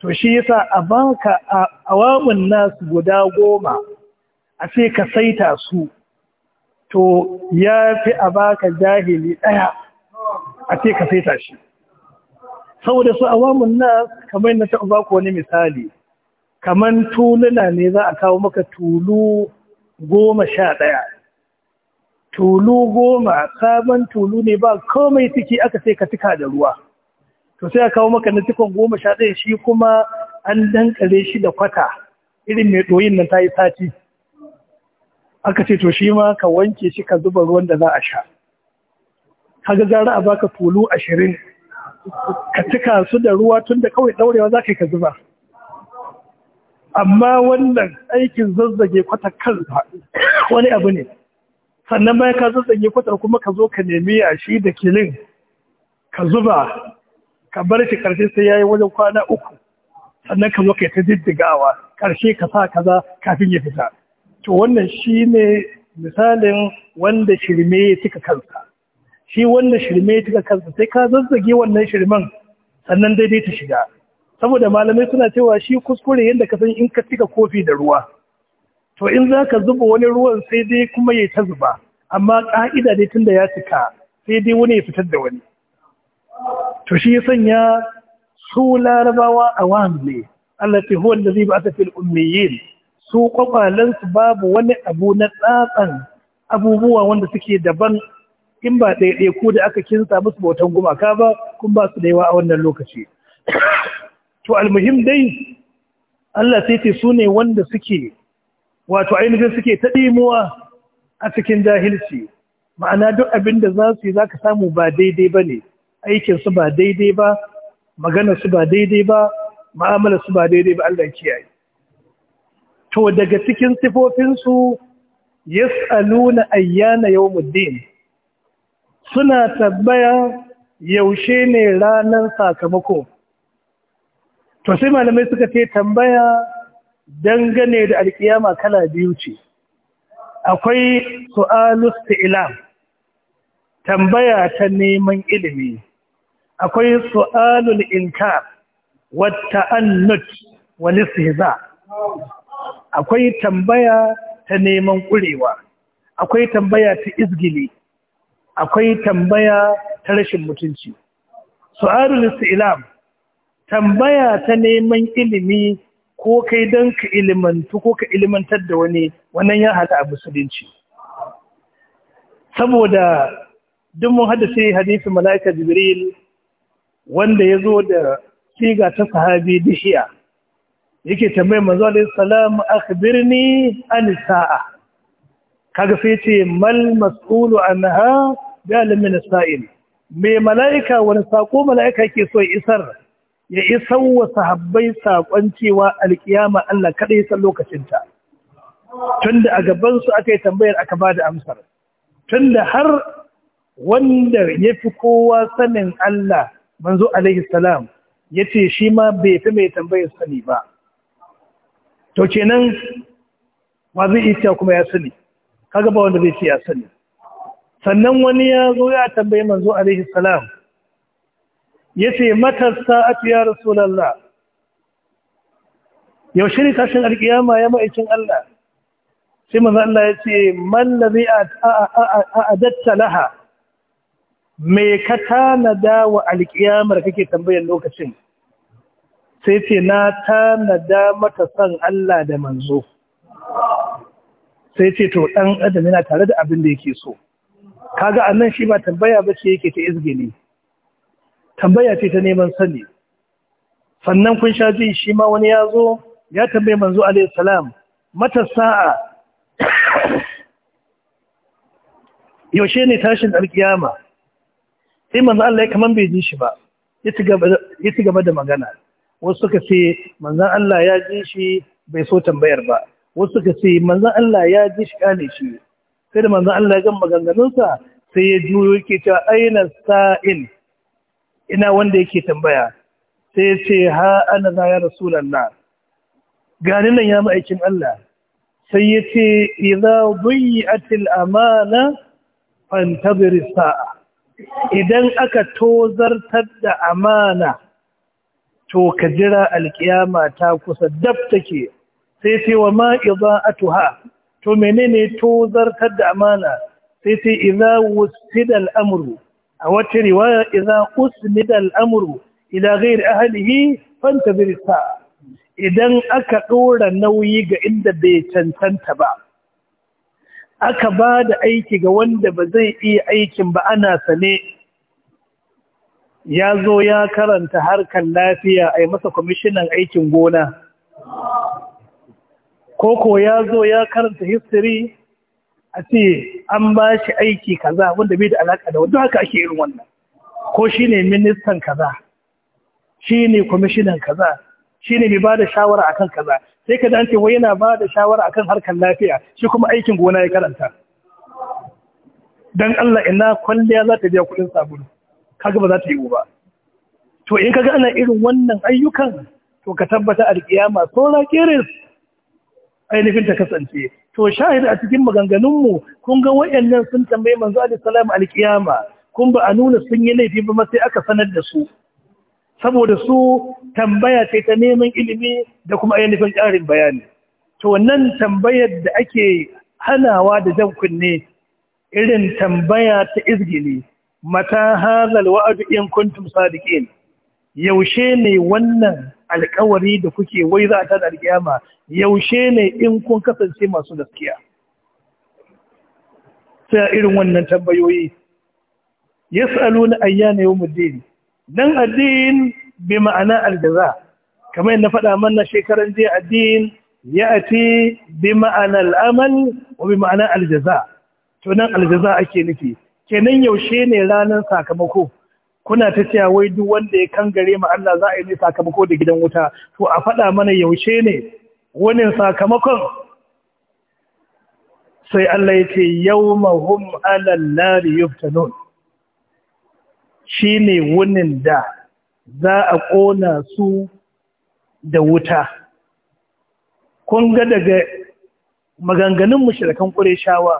to shi yasa a banka a awamun nasu guda goma a sai ka saita su to ya fi a baka jahili ɗaya a sai ka saita shi saboda su awamun nasu kamar na taɓa baku wani misali kamar tuluna ne za a kawo maka tulu goma sha ɗaya tulu goma sabon tulu ne ba komai ciki aka sai ka tuka da ruwa to sai kawo maka na cikon goma sha ɗaya shi kuma an dankare shi da kwata irin mai ɗoyin nan ta yi sati aka ce to shi ma ka wanke shi ka zuba ruwan da za a sha kaga zara a baka tulu ashirin ka cika su da ruwa tun da kawai ɗaurewa za ka yi ka zuba amma wannan aikin zazzage kwata kansa wani abu ne sannan bayan ka zazzage kwatar kuma ka zo ka nemi a shi da kilin ka zuba ka bar shi karshe sai yayi wajen kwana uku sannan ka zo ka ta diddigawa karshe ka sa kaza kafin ya fita to wannan shine misalin wanda shirme ya cika kansa shi wanda shirme ya cika kansa sai ka zazzage wannan shirman sannan daidai ta shiga saboda malamai suna cewa shi kuskure yadda ka san in ka cika kofi da ruwa to in za ka zuba wani ruwan sai dai kuma ya ta zuba amma ƙa'ida ne tun da ya cika sai dai wani ya fitar da wani to shi ya sanya su larabawa a ne Allah ta huwa da zai ba ta fil ummiyin su kwakwalensu babu wani abu na tsatsan abubuwa wanda suke daban in ba ɗaiɗai ku da aka kinsa musu bautan gumaka ba kun ba su da yawa a wannan lokaci to almuhim dai Allah sai ce su ne wanda suke wato ainihin suke ta ɗimuwa a cikin jahilci ma'ana duk abin da za su yi za ka samu ba daidai ba ne aikinsu ba daidai ba maganarsu ba daidai ba ma'amalarsu ba daidai ba Allah kiyaye to daga cikin sifofinsu yas'aluna ayyana muddin suna tabbaya yaushe ne ranar sakamako to sai malamai suka ce tambaya dangane da alkiyama kala biyu ce akwai su'alus ilam tambaya ta neman ilimi akwai su'alul inka wata annut wani sihiza akwai tambaya ta neman ƙurewa akwai tambaya ta izgili akwai tambaya ta rashin mutunci su'alul ilam tambaya ta neman ilimi ko kai don ka ilimantu ko ka ilimantar da wani wannan ya hada a musulunci saboda duk mun hada sai hadisi mala'ika jibril wanda ya zo da siga ta sahabi dishiya yake tambayi manzo alayhi salam akhbirni an sa'a kaga sai ce mal mas'ulu anha bi alamin sa'il me mala'ika wani sako mala'ika ke so isar ya isa wa sahabbai saƙon cewa alƙiyama Allah kaɗai san lokacinta. Tunda a gabansu aka yi tambayar aka ba da amsar. Tunda har wanda ya fi kowa sanin Allah manzo Alayhi salam ya ce shi ma bai fi mai tambayar sani ba. To kenan ma zai iya kuma ya sani, kaga ba wanda zai ce ya sani. Sannan wani ya zo ya tambayi manzo Alayhi salam yace mata sa'atu ya rasulullah yaushe ne tashin alkiyama ya ma'aikin Allah sai manzo Allah ya ce, man ladhi a'adatta laha me ka tanada wa alkiyamar kake tambayar lokacin sai ce na tanada mata san Allah da manzo sai ce to dan adam yana tare da abin da yake so kaga annan shi ba tambaya ba ce yake ta izgini tambaya ce ta neman sani sannan kun sha ji shi ma wani ya zo ya tambaye manzo alayhi salam mata sa'a yaushe ne tashin alkiyama sai manzo Allah ya kaman bai ji shi ba ya ci gaba da magana wasu suka ce manzo Allah ya ji shi bai so tambayar ba wasu suka ce manzo Allah ya ji shi kane shi sai da manzo Allah ya gan maganganunsa sai ya juyo yake cewa aina sa'in ina wanda yake tambaya sai ya ce ha ana za ya rasulallah gani nan ya ma'aikin Allah sai ya ce idza atil amana fantazir sa'a idan aka tozartar da amana to ka jira alkiyama ta kusa dab take sai sai wa ma idza'atuha to menene tozartar da amana sai sai idza wusida al'amru a wata riwaya idan usnida al-amru ila ghairi ahlihi fantazir sa'a idan aka dora nauyi ga inda bai cancanta ba aka ba da aiki ga wanda ba zai iya aikin ba ana sane ya zo ya karanta harkan lafiya ai masa kwamishinan aikin gona koko ya zo ya karanta history a ce an ba shi aiki kaza wanda bai da alaka da wadda haka ake irin wannan ko shi ne ministan kaza shi ne kwamishinan kaza shi ne mai ba da shawara akan kaza sai ka dace wani wai yana ba da shawara akan harkar lafiya shi kuma aikin gona ya karanta dan Allah ina kwalliya za ta biya kuɗin sabulu kaga ba za ta yi ba to in kaga ana irin wannan ayyukan to ka tabbata alƙiyama saura kiris ainihin ta kasance to shahid a cikin maganganunmu kun ga wayannan sun tambayi manzo alaihi salam alkiyama kun ba a nuna sun yi laifi ba sai aka sanar da su saboda su tambaya ce ta neman ilimi da kuma ainihin karin bayani to wannan tambayar da ake hanawa da jan kunne irin tambaya ta izgili mata hazal wa'adu in kuntum sadiqin yaushe ne wannan alkawari da kuke wai za a tada alkiyama yaushe ne in kun kasance masu gaskiya sai irin wannan tambayoyi Ya na ayyana muddini don addin bi ma'ana aljaza kamar na faɗa mana shekaran jiya addin ya'ti bi ma'ana al'amal wa bi ma'ana aljaza to nan aljaza ake nufi kenan yaushe ne ranar sakamako kuna ta cewa wai duk wanda ya kan gare mu Allah za a yi sakamako da gidan wuta to a faɗa mana yaushe ne wani sakamakon sai Allah ya ce yawmahum ala nari yuftanun shine wunin da za a ƙona su da wuta kun ga daga maganganun mushrikan ƙureshawa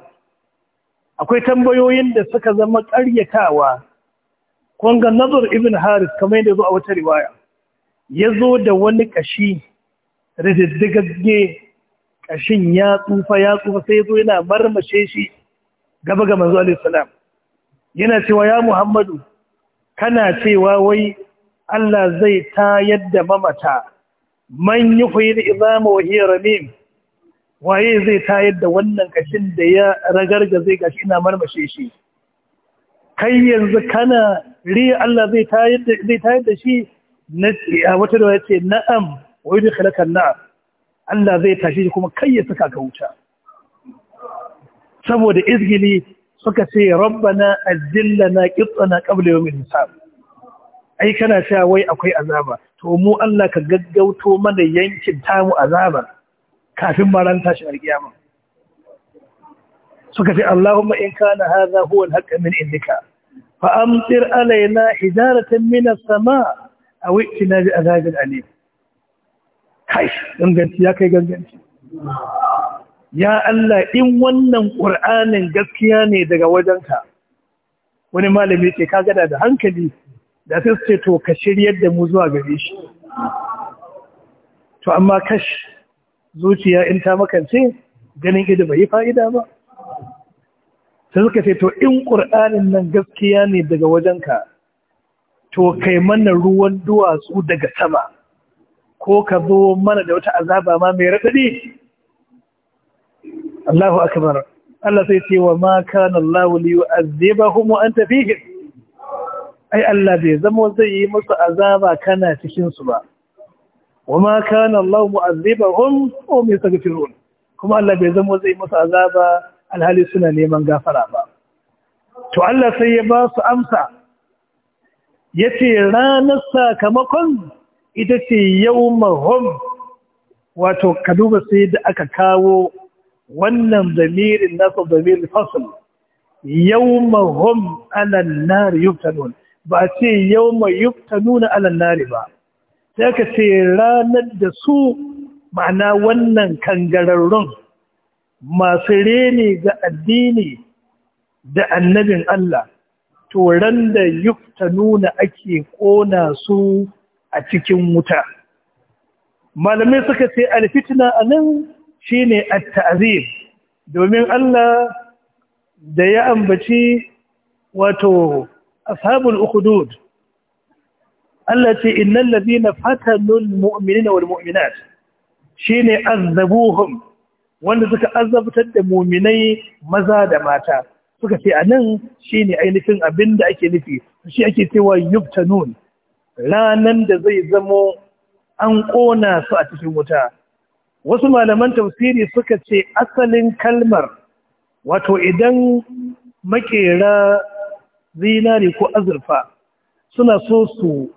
akwai tambayoyin da suka zama ƙaryatawa kun ga nazar ibn haris kamar yadda zo a wata riwaya ya zo da wani kashi rididdigagge kashin ya tsufa ya tsufa sai ya zo yana marmashe shi gaba ga manzo alayhi salam yana cewa ya muhammadu kana cewa wai Allah zai tayar da mamata man yuhyil izama wa hiya ramim waye zai ta yadda wannan kashin da ya ragarga zai gashi ina marmashe shi kai yanzu kana riya Allah zai tayar da shi a wata da ce na'am wai da kalakan na'am Allah zai tashi kuma kai ya saka ka wuta saboda izgili suka ce rabbana azillana qitana qabla yawmin hisab ai kana cewa wai akwai azaba to mu Allah ka gaggauto mana yankin tamu azaba kafin shi tashi kiyama suka ce Allahumma in kana hadha huwa alhaqqu min indika فأمطر علينا حجارة من السماء أو ائتنا بأذاب أليم kai ganganci ya kai ganganci ya Allah in wannan ƙur'anin gaskiya ne daga wajenka wani malami ce ka gada da hankali da sai su ce to ka shiryar da mu zuwa gare shi to amma kash zuciya in ta makance ganin ido bai yi fa'ida ba sai suka ce to in ƙur'anin nan gaskiya ne daga wajenka to kai mana ruwan duwatsu daga sama ko ka zo mana da wata azaba ma mai raɗaɗi Allahu akbar Allah sai ce wa ma kana Allahu li yu'azzibahum wa anta fihim ai Allah bai zama zai yi musu azaba kana cikin su ba wa ma kana Allahu mu'azzibahum wa hum yastaghfirun kuma Allah bai zama zai yi musu azaba alhali suna neman gafara ba to Allah sai ya ba su amsa yace ranar sakamakon ita ce yawmahum wato ka sai da aka kawo wannan damirin nasa damirin fasil yawmahum ala nar yuftanun ba ce yawma yuftanuna ala nari ba sai aka ce ranar da su ma'ana wannan kangararrun masu reni ga addini da annabin Allah to ran da yukta nuna ake kona su a cikin wuta malamai suka ce alfitna anan shine at domin Allah da ya ambaci wato ashabul uhudud Allah ce innal ladina fatanul mu'minina wal mu'minat shine azabuhum wanda suka azabtar da muminai maza da mata suka ce a nan shi ne ainihin abin da ake nufi shi ake cewa yubtanun ranan da zai zamo an ƙona su a cikin wuta wasu malaman tafsiri suka ce asalin kalmar wato idan makera zinari ko azurfa suna so su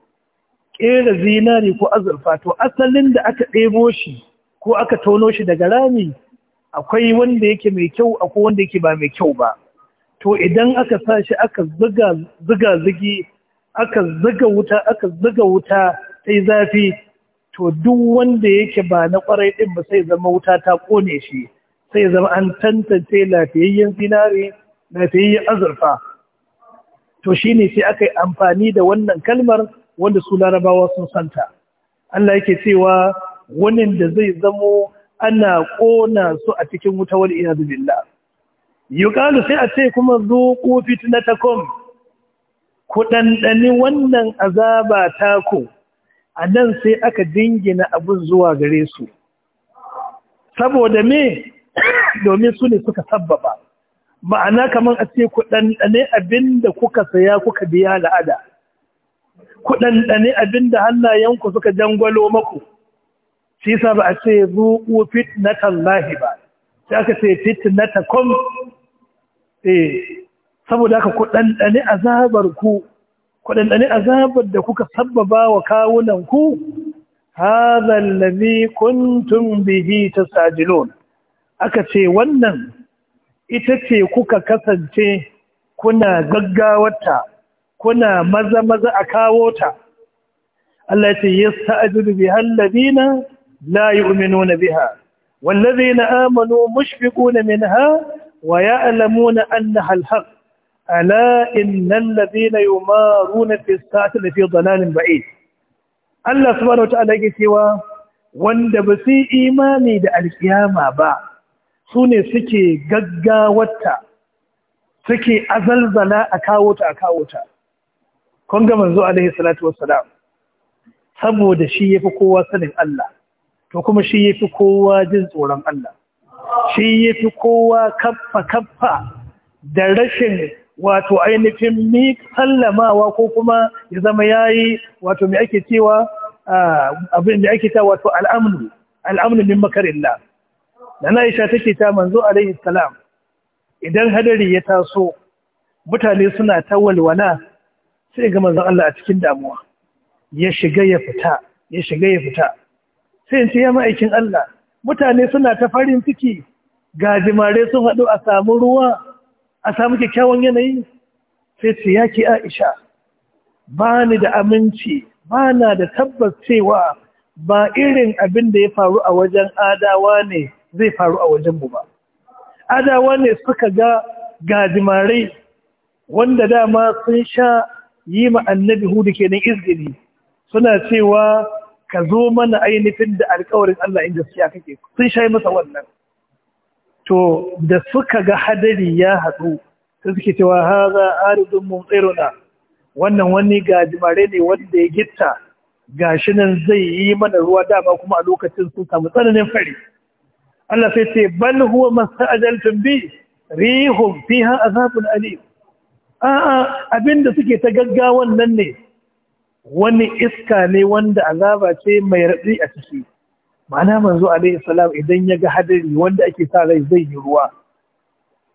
ƙera zinari ko azurfa to asalin da aka ɗebo shi ko aka tono shi daga rami akwai wanda yake mai kyau akwai wanda yake ba mai kyau ba to idan aka sashi aka zuga zuga zugi aka zuga wuta aka zuga wuta sai zafi to duk wanda yake ba na kwarai din ba sai zama wuta ta kone shi sai zama an tantance lafiyayyen zinare lafiyayyen azurfa to shine sai aka yi amfani da wannan kalmar wanda su larabawa sun santa Allah yake cewa wannan da zai zamo ana ƙona su a cikin wuta wani iya iyadu billah yuqalu sai a ce kuma na fitnatakum ku ɗanɗani wannan azaba ta ku nan sai aka dingina abun zuwa gare su saboda me domin su ne suka sabbaba ma'ana kamar a ce ku dandane da kuka saya kuka biya la'ada ku dandane da hannayenku suka jangwalo maku shi yasa ba a ce fitnatan fitnatallahi ba sai aka ce fitnatakum eh saboda haka ku azabar ku ku azabar da kuka sabbaba wa kawunan ku hadha allazi kuntum bihi tasajilun aka ce wannan ita ce kuka kasance kuna gaggawarta kuna maza maza a kawo ta Allah ya ce yasta'jilu bihal ladina لا يؤمنون بها والذين آمنوا مشفقون منها ويعلمون أنها الحق ألا إن الذين يمارون في الساعة في ضلال بعيد الله سبحانه وتعالى سوى wanda ba su imani da alkiyama ba su ne suke gaggawarta suke azalzala a kawo ta a kawo ta kun ga manzo alaihi salatu wassalam saboda shi yafi kowa sanin Allah to kuma shi ya fi kowa jin tsoron Allah shi ya fi kowa kaffa kaffa da rashin wato ainihin mi sallamawa ko kuma ya zama ya yi wato mai ake cewa ah, abin da ake ta wato al'amnu al'amnu min Da na Aisha take ta manzo alaihi salam idan hadari ya taso mutane suna ta walwala sai ga manzon Allah a cikin damuwa ya shiga ya fita ya shiga ya fita sai in ce ya ma'aikin Allah mutane suna ta farin ciki ga sun haɗu a samu ruwa a samu kyakkyawan yanayi sai ce ya ke Aisha ba ni da aminci ba na da tabbas cewa ba irin abin da ya faru a wajen adawa ne zai faru a wajen mu ba adawa ne suka ga gajimare wanda dama sun sha yi ma annabi hudu kenan izini, suna cewa ka zo mana ainihin da alkawarin Allah in gaskiya kake sun shayi masa wannan to da suka ga hadari ya haɗu sai suke cewa haza aridun mumtsiruna wannan wani gajimare ne wanda ya gitta shi nan zai yi mana ruwa dama kuma a lokacin sun samu tsananin fari Allah sai ce bal huwa masta'ajaltum bi rihum fiha azabun alim a'a abinda suke ta gaggawan nan ne wani iska ne wanda azaba ce mai raɗi a ciki ma'ana manzo alaihi salam idan ya ga hadari wanda ake sa rai zai yi ruwa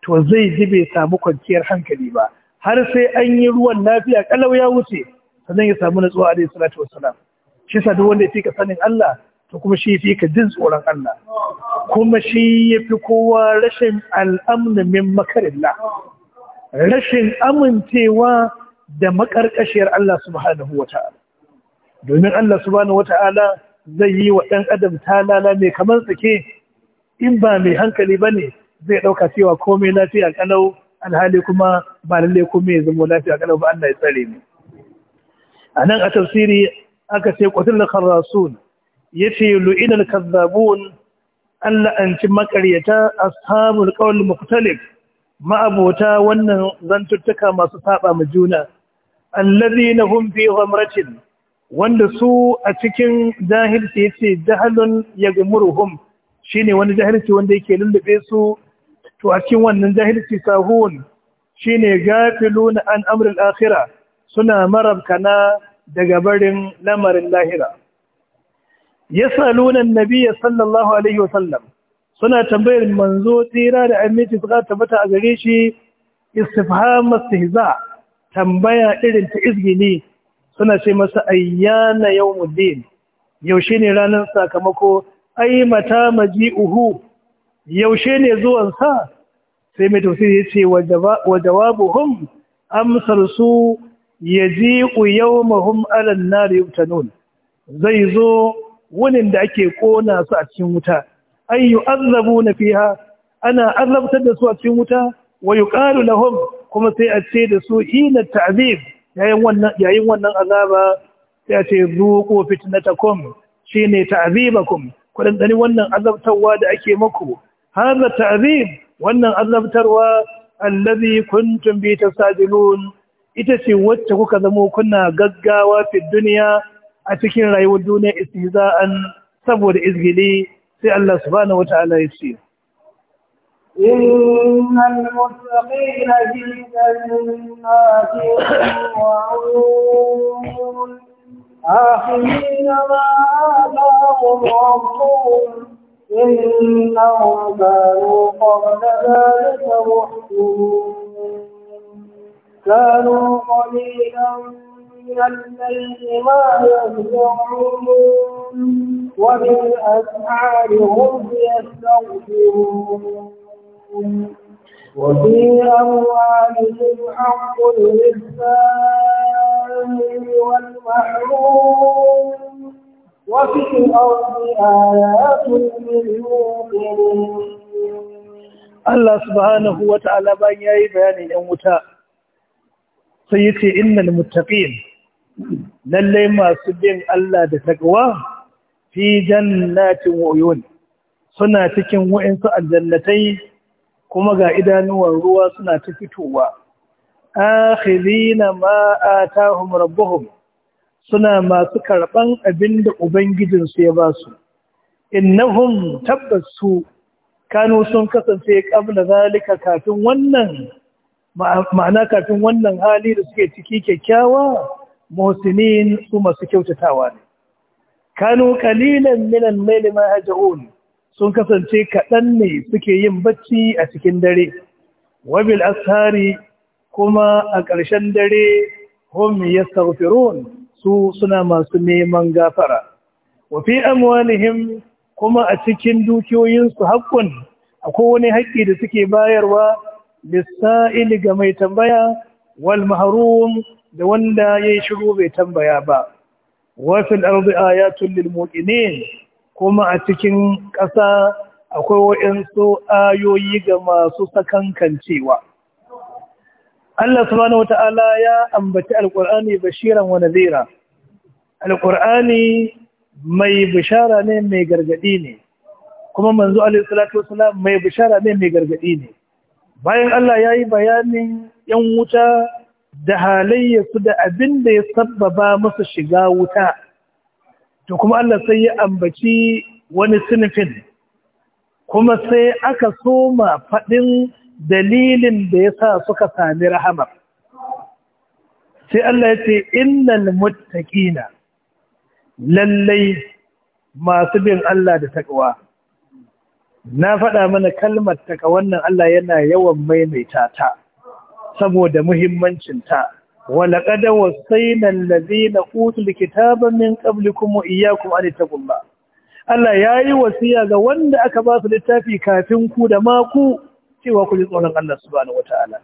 to zai ji bai samu kwanciyar hankali ba har sai an yi ruwan lafiya kalau ya wuce sannan ya samu natsuwa alaihi salatu wassalam shi sa duk wanda ya fika sanin Allah to kuma shi fi ka jin tsoron Allah kuma shi ya fi kowa rashin al'amna min makarillah rashin amintewa. da makarkashiyar Allah subhanahu wa ta'ala domin Allah subhanahu wa ta'ala zai yi wa ɗan adam talala mai kamar tsake in ba mai hankali ba ne zai ɗauka cewa komai lafiya ƙalau alhali kuma ba lalle komai ya zama lafiya ƙalau ba Allah ya tsare ne a nan a tafsiri aka ce kwatul kharrasun yace lu'inal kazzabun Allah an ci makaryata ashabul qawl mukhtalif ma'abota wannan zantuttuka masu saba ma juna allazina na fi ghamratin wanda su a cikin jahilci yace jahalun yagmuruhum shine wani jahilci wanda yake lullube su to a cikin wannan jahilci sahun shine gafiluna an amril akhira suna marabkana daga barin lamarin lahira yasaluna annabiyya sallallahu alaihi wasallam suna tambayar manzo tsira da aminci suka tabbata a gare shi istifham istihza' tambaya irin ta izgini suna ce masa ayyana yawmuddin yaushe ne ranar sakamako ai mata maji uhu. yaushe ne zuwan sa sai mai tafsiri ce wa jawabuhum amsar su yaji'u yawmahum ala an-nar yuftanun zai zo wunin da ake kona su a cikin wuta ay yu'azzabuna fiha ana azabtar da su a cikin wuta wa yuqalu lahum kuma sai a ce da su 'Ina ta'zib yayin wannan wannan azaba sai a ce zuqu fitnatakum shine ta'zibakum ku dan dani wannan azabtarwa da ake muku hadha ta'zib wannan azabtarwa allazi kuntum bi tasadilun ita ce wacce kuka zamo kuna gaggawa fi duniya a cikin rayuwar duniya istihza'an saboda izgili sai Allah subhanahu wataala ya ce إن المتقين في جنات وعيون آخرين ما آتاهم ربهم إنهم كانوا قبل ذلك محسنين كانوا قليلا من الليل ما يهجعون وبالأسعار هم يستغفرون وفي أموالهم حق للسائل والمحروم وفي الأرض آيات Allah subhanahu wa ta'ala bayan ya yi bayanin ‘yan wuta sai yake inna Innal mutaƙin, lallai masu bin Allah da taƙawa fi jannatin wa'oyon suna cikin wa'insu aljannatai kuma ga idanuwan ruwa suna ta fitowa ma'a ta atahum rabbuhum suna masu karɓan abin da ubangijinsu ya ba su innahum tabbas su Kano sun kasance ƙabla zalika kafin wannan ma'ana kafin wannan hali da suke ciki kyakkyawa muhsinin su masu kyautatawa ne kanu kalilan milan al-layli sun kasance kaɗan ne suke yin bacci a cikin dare wabil ashari kuma a ƙarshen dare hum yastaghfirun su suna masu neman gafara Wafi amwalihim kuma a cikin dukiyoyinsu haƙƙun akwai wani haƙƙi da suke bayarwa ili ga mai tambaya wal mahrum da wanda ya yi shiru bai tambaya ba Wafil fil ardi ayatun lil muqinin kuma a cikin ƙasa akwai waɗansu ayoyi ga masu sakankancewa. Allah subhanahu wata'ala ya ambaci alƙur'ani bashiran wa nazira. Alƙur'ani mai bishara ne mai gargaɗi ne, kuma manzo alaihi salatu mai bishara ne mai gargaɗi ne. Bayan Allah ya yi bayanin ‘yan wuta da halayyarsu da abin da ya sabbaba masu shiga wuta. to kuma Allah sai ya ambaci wani sinifin kuma sai aka soma faɗin dalilin da ya sa suka sami rahama sai Allah ya ce innal muttaqina lallai masu bin Allah da takwa na faɗa mana kalmar taka wannan Allah yana yawan maimaita ta saboda ta. ولقد وصينا الذين اوتوا الكتاب من قبلكم kuma ان تتقوا Allah yayi wasiya ga wanda aka ba su littafi kafin ku da maku cewa ku ji tsoron Allah subhanahu wataala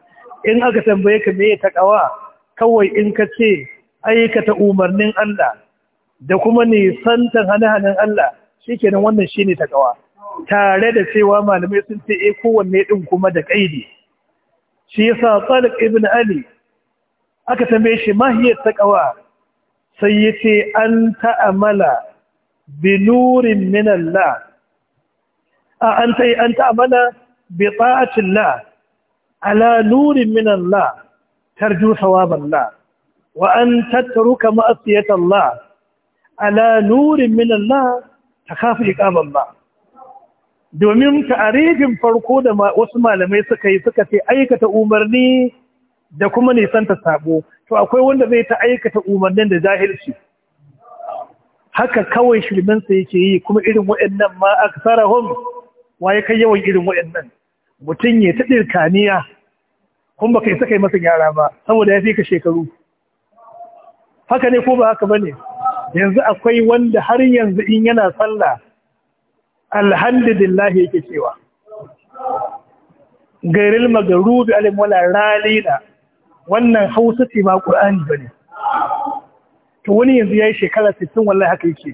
in aka tambaye ka meye ƙawa, kawai in ka ce aikata umarnin Allah da kuma nisantan hane-hanen Allah shikenan wannan shine ƙawa. tare da cewa malamai sun ce eh kowanne din kuma da kaidi shi yasa Talib ibn Ali aka tambaye shi mahiyar ƙawa sai yace an ta'amala bi nurin min Allah a an tai an ta'amala bi ta'ati Allah ala nurin min tarju thawab la. wa an tattaruka ma'siyat Allah ala nurin min Allah takhafu iqab Allah domin ta'arifin farko da wasu malamai suka yi suka ce aikata umarni da kuma Nisan ta sabo to akwai wanda zai ta aikata umarnin da jahilci haka kawai shirminsa yake yi kuma irin waɗannan ma aksarahum waye kai yawan irin waɗannan mutum ya ta dirkaniya kuma baka isa kai masa yara ba saboda ya fi ka shekaru haka ne ko ba haka bane yanzu akwai wanda har yanzu in yana sallah alhamdulillah yake cewa gairil magarubi alim wala ralina wannan hausa ce ba ƙur'ani ba ne to wani yanzu ya yi shekara 60 wallai haka yake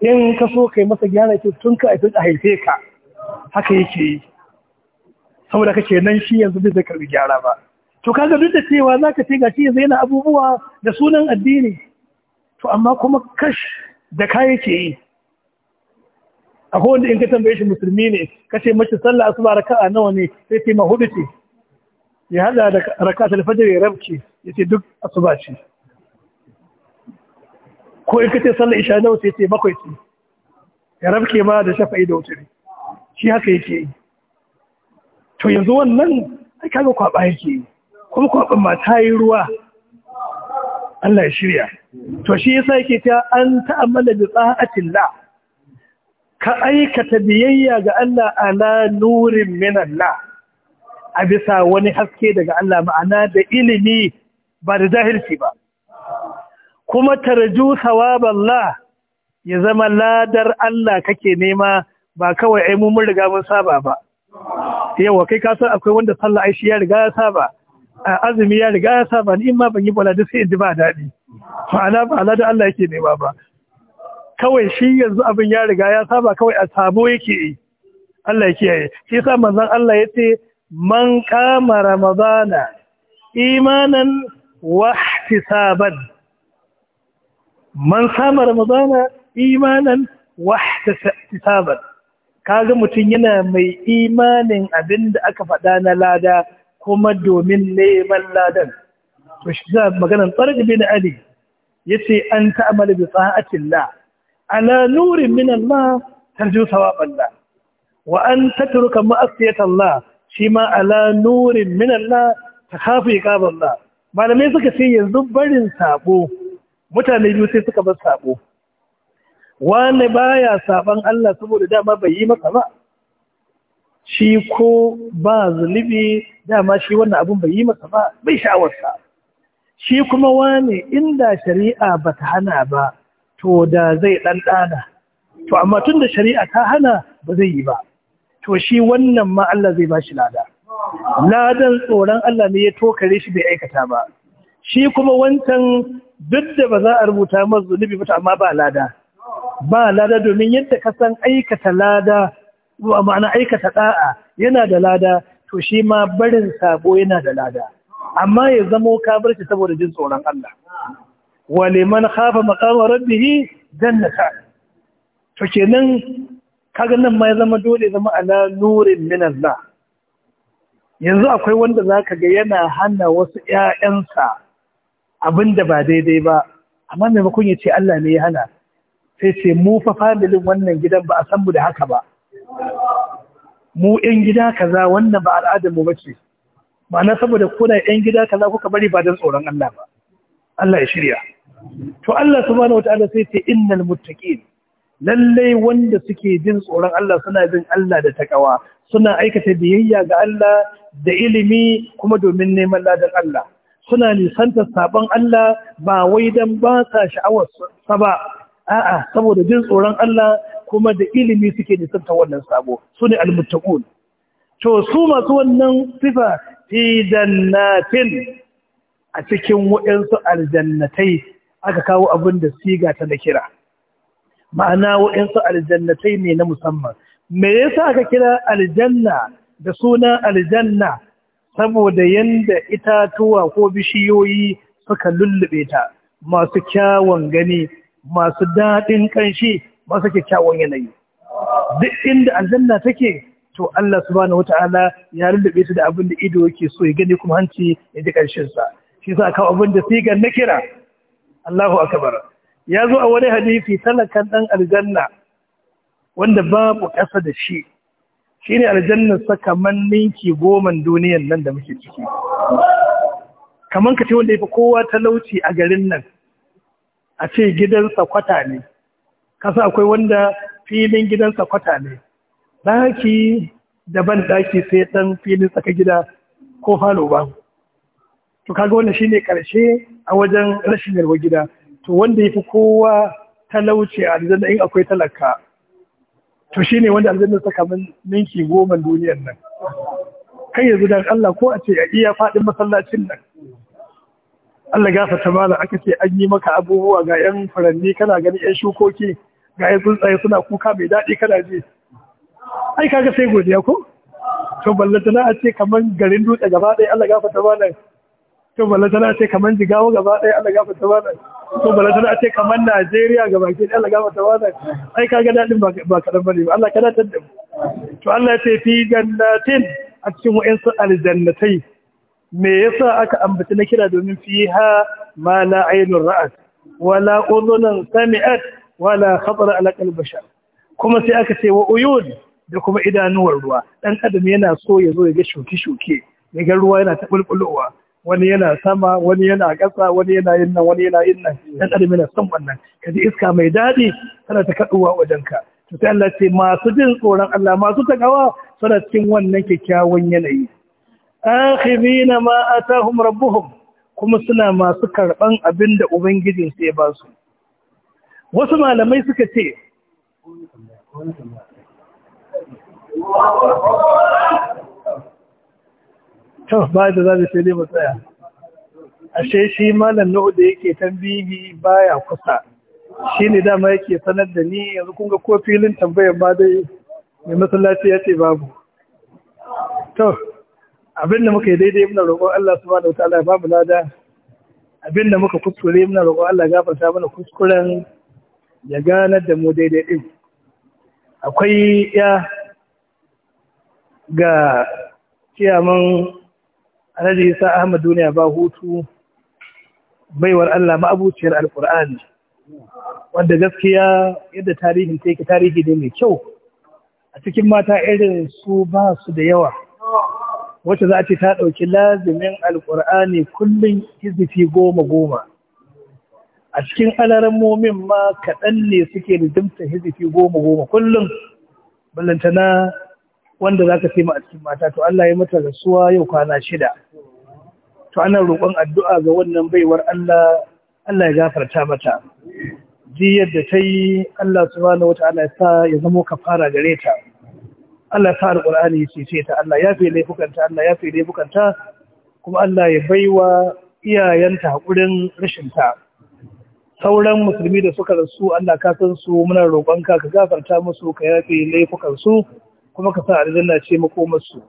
in ka so kai masa gyara ce tun ka a haife ka haka yake yi saboda kake nan shi yanzu bai zai karbi gyara ba to kaga duk da cewa za ka ce gashi yanzu yana abubuwa da sunan addini to amma kuma kash da ka yake yi akwai wanda in ka tambaye shi musulmi ne kace mace sallah asuba raka'a nawa ne sai ce ma hudu ce ya hada da ta fajr ya ya ce duk asuba ce ko in kace sallar isha nawa sai ce bakwai ce ya ramke ma da shafa'i da wuturi shi haka yake yi to yanzu wannan ai kaga kwaba yake yi kuma kwaban ma ta yi ruwa Allah ya shirya to shi yasa yake ta an ta'ammala bi tsa'atillah ka aikata biyayya ga Allah ala nurin min Allah a bisa wani haske daga Allah ma'ana da ilimi ba da zahirci ba kuma tarju Allah ya zama ladar Allah kake nema ba kawai ai mun riga mun saba ba yawa kai ka san akwai wanda sallah ai shi ya riga ya saba azumi ya riga ya saba ni in ma ban yi bala da sai in ji ba daɗi ma'ana ba ladar Allah yake nema ba kawai shi yanzu abin ya riga ya saba kawai a sabo yake yi Allah ya kiyaye shi yasa manzon Allah ya ce man kama ramadana imanan wahtisaban man sama ramadana imanan wahtisaban kaga mutum yana mai imanin abinda aka faɗa na lada kuma domin neman ladan to shi za maganar tsarki bin ali yace an ta'amala bi sa'atillah ala nurin min Allah tarju sawaballah wa an tatruka ma'asiyat Allah shi ma ala nurin min Allah ta kafa Allah malamai suka ce yanzu barin sabo mutane biyu sai suka bar sabo wani baya saban Allah saboda dama bai yi masa ba shi ko ba zulubi dama shi wannan abun bai yi masa ba bai sha'awarsa shi kuma wani inda shari'a ba ta hana ba to da zai ɗanɗana to amma tunda shari'a ta hana ba zai yi ba to shi wannan ma Allah zai ba shi lada ladan tsoron Allah ne ya tokare shi bai aikata ba shi kuma wancan duk da ba za a rubuta masa zunubi ba amma ba lada ba lada domin yadda ka san aikata lada ma'ana aikata da'a yana da lada to shi ma barin sabo yana da lada amma ya zamo kafirci saboda jin tsoron Allah wale man khafa maqama rabbih jannata to kenan kaga nan ma ya zama dole zama ala nurin minallah yanzu akwai wanda zaka ga yana hana wasu ƴaƴansa abinda ba daidai ba amma maimakon ya ce Allah ne ya hana sai ce mu fa familin wannan gidan ba a san mu da haka ba mu ƴan gida kaza wannan ba al'adar mu bace ma'ana saboda kuna ƴan gida kaza kuka bari ba dan tsoron Allah ba Allah ya shirya to Allah subhanahu wataala sai ce innal muttaqin lallai wanda suke jin tsoron Allah suna bin Allah da takawa suna aikata biyayya ga Allah da ilimi kuma domin neman ladan Allah suna nisantar sabon Allah ba wai dan ba sa sha'awar sa ba a'a saboda jin tsoron Allah kuma da ilimi suke nisantar wannan sabo su ne almuttaqun to su masu wannan sifa fi jannatin a cikin waɗansu aljannatai aka kawo abin da siga ta na kira ma'ana waɗansu aljannatai ne na musamman me yasa aka kira aljanna da suna aljanna saboda yadda itatuwa ko bishiyoyi suka lullube ta masu kyawun gani masu daɗin ƙanshi masu kyakkyawan yanayi duk inda aljanna take to Allah subhanahu wata'ala ya lullube ta da abin da ido yake so ya gani kuma hanci ya ji ƙarshen sa shi sa kawo abin da sigar na kira Allahu akbar ya zo a wani hadisi talakan ɗan aljanna wanda babu ƙasa da shi shi ne aljanna sa kamar ninki goman duniyan nan da muke ciki kamar ka ce wanda ya fi kowa talauci a garin nan a ce gidansa kwata ne kasa akwai wanda filin gidansa kwata ne ɗaki daban ɗaki sai ɗan filin tsaka gida ko falo ba to kaga wannan shine ƙarshe a wajen rashin yarwa gida to wanda ya fi kowa talauci a aljanna in akwai talaka to shi ne wanda aljanna suka min ninki goma duniyar nan kai yanzu dan Allah ko a ce a iya fadin masallacin nan Allah ta mala aka ce an yi maka abubuwa ga yan furanni kana gani yan shukoki ga yan tsuntsaye suna kuka mai daɗi kana ji ai kaga sai godiya ko to ballantana a ce kaman garin dutse gaba ɗaya Allah ta mala to tana ce kamar jigawa gaba ɗaya Allah gafa ta bada to tana ce kamar Najeriya gaba ke Allah gafa ta bada ai kaga dadin ba kadan bane ba Allah kada tadda to Allah ce fi jannatin a cikin wa'ansu aljannatai me yasa aka ambaci na kira domin fiha ma la aynun ra'at wala udhunun sami'at wala khatara ala qalbi bashar kuma sai aka ce wa uyun da kuma idanuwar ruwa dan adam yana so ya zo ya ga shuke-shuke ya ga ruwa yana ta bulbulowa wani yana sama wani yana ƙasa wani yana yin nan wani yana yin nan dan adam yana son wannan ka ji iska mai daɗi tana ta kaɗuwa wajen ka to sai Allah ce masu jin tsoron Allah masu takawa suna cikin wannan kyakkyawan yanayi na ma atahum rabbuhum kuma suna masu karɓan abin da ubangijin sai ba su wasu malamai suka ce to ba da za da sai dai tsaya. ashe shi malam nuhu da yake tambihi baya kusa shi ne dama yake sanar da ni yanzu kun ko filin tambayar ba dai mai masallaci ya ce babu to abinda muka yi daidai muna roƙon Allah subhanahu wa ta'ala babu lada abinda muka kuskure muna roƙon Allah gafarta mana kuskuren ya gana da mu daidai din akwai ya ga ciyaman alhaji isa ahmad duniya ba hutu baiwar allah ma'abuciyar alkur'ani wanda gaskiya yadda tarihin ta yake tarihi ne mai kyau a cikin mata irin su ba su da yawa wacce za a ce ta ɗauki lazimin alkur'ani kullum izifi goma goma a cikin alarammomin ma kaɗan ne suke da dimta hizifi goma goma kullum ballantana wanda zaka sai ma a cikin mata to Allah ya mata rasuwa yau kwana shida to ana roƙon addu'a ga wannan baiwar Allah Allah ya gafarta mata ji yadda ta yi Allah subhanahu wata'ala ya sa ya zamo kafara gare ta Allah ya sa alqur'ani ya ce ta Allah ya fi laifukanta Allah ya fi laifukanta kuma Allah ya baiwa iyayenta haƙurin rashin ta sauran musulmi da suka rasu Allah ka san su muna roƙonka ka gafarta musu ka yafe laifukan su kuma ka sa aljanna ce makomarsu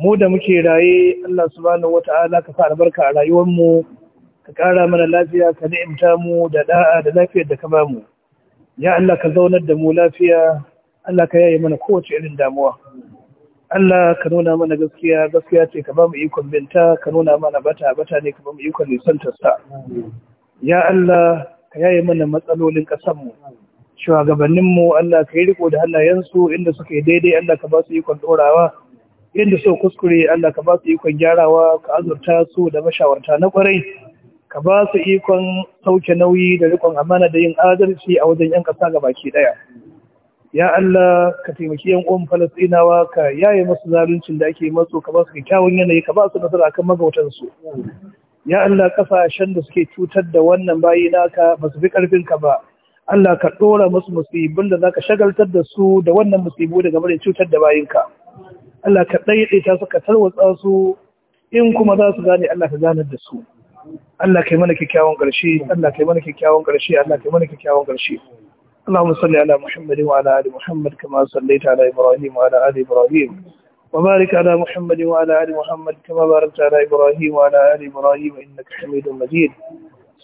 mu da muke raye Allah subhanahu wata'ala ka sa albarka a rayuwar mu ka ƙara mana lafiya ka ni'imta mu da da'a da lafiyar da ka ba mu ya Allah ka zaunar da mu lafiya Allah ka yaye mana kowace irin damuwa Allah ka nuna mana gaskiya gaskiya ce ka ba mu ikon binta ka nuna mana bata bata ne ka ba mu ikon nisan sa ya Allah ka yaye mana matsalolin ƙasar mu shugabanninmu Allah ka yi riko da hannayensu inda suka yi daidai Allah ka ba su ikon ɗorawa inda suka kuskure Allah ka ba su ikon gyarawa ka azurta su da mashawarta na kwarai ka ba su ikon sauke nauyi da rikon amana da yin adalci a wajen 'yan kasa ga baki ɗaya. ya Allah ka taimaki yan uwan Falasɗinawa ka yaye masu zaluncin da ake masu ka ba su kyakkyawan yanayi ka ba su nasara kan magautan su ya Allah kasashen da suke cutar da wannan bayi naka ba su fi karfin ka ba Allah ka ɗora musu musibin da za ka shagaltar da su da wannan musibu daga bare cutar da bayinka. Allah ka ɗaiɗaita su ka tarwatsa su in kuma za su gane Allah ka ganar da su. Allah Kai mana kyakkyawan ƙarshe, Allah Kai mana kyakkyawan ƙarshe, Allah Kai mana kyakkyawan ƙarshe. اللهم صل على محمد وعلى آل محمد كما صليت على إبراهيم wa آل إبراهيم وبارك على محمد وعلى آل محمد كما ala على إبراهيم وعلى آل إبراهيم إنك حميد مجيد